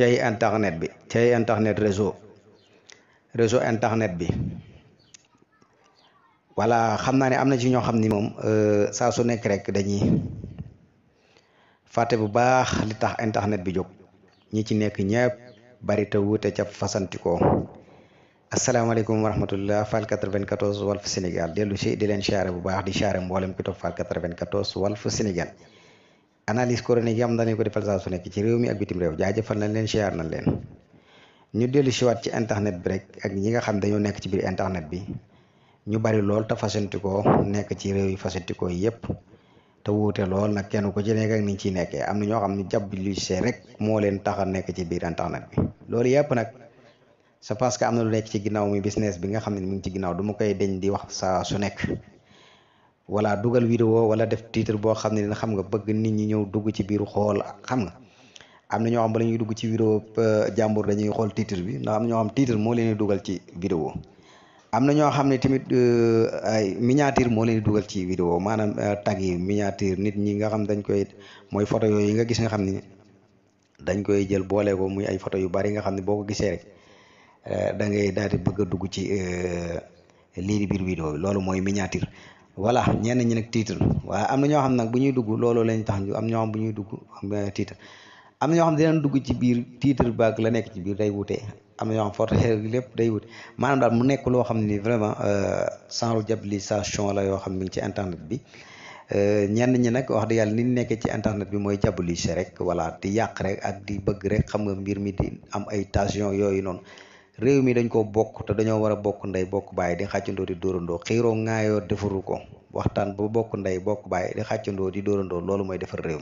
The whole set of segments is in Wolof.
cay internet bi cay internet réseau réseau internet bi wala xam naa ne am na ci ñoo xam ni moom euh, saa su nekk rek dañuy fàtte bu baax li tax internet bi jóg ñi ci nekk ñëpp bari te wuute ca fasantikoo asalaamaaleykum wa rahmatullah Fall 94 Walf Sénégal dellu si di leen siyaare bu baax di siyaare mboolem ki topp Fall 94 Walf Sénégal analyse chronique yi am na leen ko defal saa su nekk ci réew mi ak bitim réew jaajëfal nañ leen siyaar nañ leen ñu dellu siwaat ci internet bi rek ak ñi nga xam dañoo nekk ci biir internet bi ñu bari lool te nekk ci réew yi fasantikoo yépp te wuute lool nag kenn ku ci nekk ak ni ciy nekkee am na ñoo xam ne jàpp lu see rek moo leen tax a ci biir internet bi loolu yépp nag c'est parce que am na lu nekk ci ginnaaw mi business bi nga xam ne mi ngi ci ginnaaw du koy deñ di wax saa su nekk wala dugal vidéo wala def titre boo xam ne dina xam nga bëgg nit ñi ñëw dugg ci biir xool xam na am na ñoo xam ba la dugg ci vidéo euh, jàmbur dañuy xool titre bi ndax am na ñoo xam titre moo leen dugal ci vidéo am na ñoo xam ne tamit euh, ay miniature moo leen dugal ci vidéo maanaam euh, tag yi nit ñi nga xam dañ koy mooy photo yooyu nga gis nga xam ni dañ koy jël boole ko muy ay photo yu bari nga xam ne boo ko gisee rek da ngay daal di bëgg a dugg ci lii di biir vidéo bi loolu mooy miniature voilà ñenn ñi nag tiital waaye am na ñoo xam nag bu ñuy dugg looloo lañ tax ñu am ñoo xam bu ñuy dugg tiital am na ñoo xam dinañ dugg ci biir tiital baag la nekk ci biir day wute am na ñoo xam forte lépp day wute maanaam daal mu nekk loo xam ni vraiment genre euh, diabolisation la yoo xam ne ci internet bi euh, ñenn ñi nag wax dëgg yàlla ni nekkee ci internet bi mooy diaboliser rek voilà di yàq rek ak di bëgg rek xam nga mbir mi di am ay tension yooyu noonu réew mi dañ ko bokk te dañoo war a bokk ndey bokk baay di xàccandoo di dóorandoo xiiroo ŋaayoo defaru ko waxtaan ba bokk ndey bokk baay xàccandoo di dóorandoo loolu mooy defar réew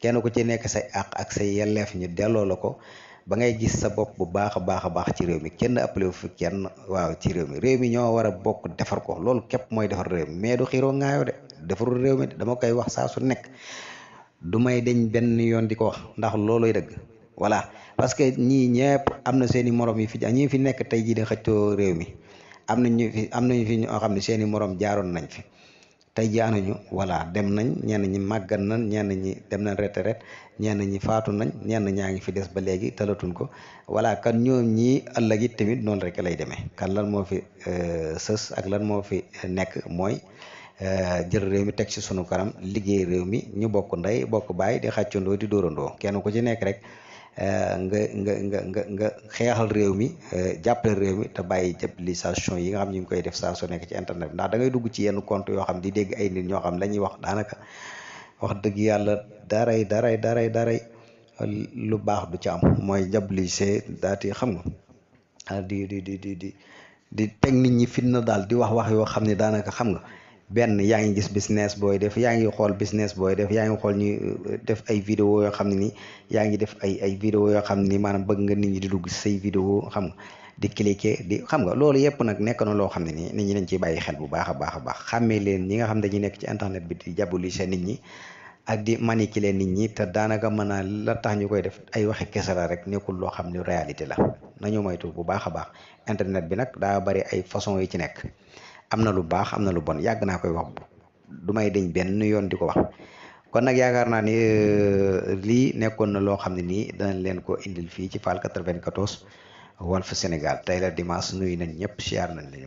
kenn ku ci nekk say àq ak say yelleef ñu delloo la ko ba ngay gis sa bopp bu baax a baax a baax ci réew mi kenn appelé wu fi kenn waaw ci réew mi réew mi ñoo war a bokk defar ko loolu képp mooy defar réew mi mais du xiiroo ŋaayoo de defarul réew mi dama koy wax saa su nekk du may dañ benn yoon di ko wax ndax loolooy dëgg voilà parce que ñii ñëpp am na seen i morom yi fi ñi fi nekk tey jii di xëccoo réew mi am nañu fi am nañu fi ñoo xam ne seen i morom jaaroon nañ fi tey ñu voilà dem nañ ñenn ñi màggat nañ ñenn ñi dem nañ rek ñenn ñi faatu nañ ñenn ñaa ngi fi des ba léegi talatuñ ko voilà kan ñoom ñii ëllëg it tamit noonu rek lay demee kan lan moo fi euh, sës ak lan moo fi nekk mooy euh, jël réew mi teg ci sunu kanam liggéey réew mi ñu bokk ndey bokk baay di xàccandoo di dóorandoo kenn ku ci nekk rek. Eh, nga nga nga nga nga xeexal réew mi eh, jàppal réew mi te bàyyi jàppalisation yi nga xam ñu ngi koy def saa su nekk ci internet ndax da ngay dugg ci yenn compte yoo xam di dégg ay nit ñoo xam la wax daanaka wax dëgg yàlla daray daray daray daray lu baax du ci am mooy jàppalisee daati xam nga ah, di di di di di di nit ñi fitna daal di wax wax yoo xam ne daanaka xam nga benn yaa ngi gis business booy def yaa ngi xool business booy def yaa ngi xool ñu euh, def ay vidéo yoo xam ne ni yaa ngi def ay ay vidéo yoo xam ni maanaam bëgg nga nit ñi di dugg say vidéo xam nga di cliquer di xam nga loolu yëpp nag nekk na loo xam ne ni nit ñi dañ ciy bàyyi xel bu baax baax a baax xàmmee leen ñi nga xam dañuy nekk ci internet bi di diaboliser nit ñi ak di manipuler nit ñi te daanaka mën naa la tax ñu koy def ay waxi kese la rek nekkul loo xam ne réalité la nañu moytu bu baax a baax internet bi nag daa bari ay façon yi ci nekk am na lu baax am na lu bon yàgg naa koy wax du may deñ benn yoon di ko wax kon nag yaakaar naa ni euh, lii nekkoon na loo xam ne nii danañ leen ko indil fii ci Fall 94 Walf Sénégal tey la dimanche nuy na ñëpp siyaar nañ la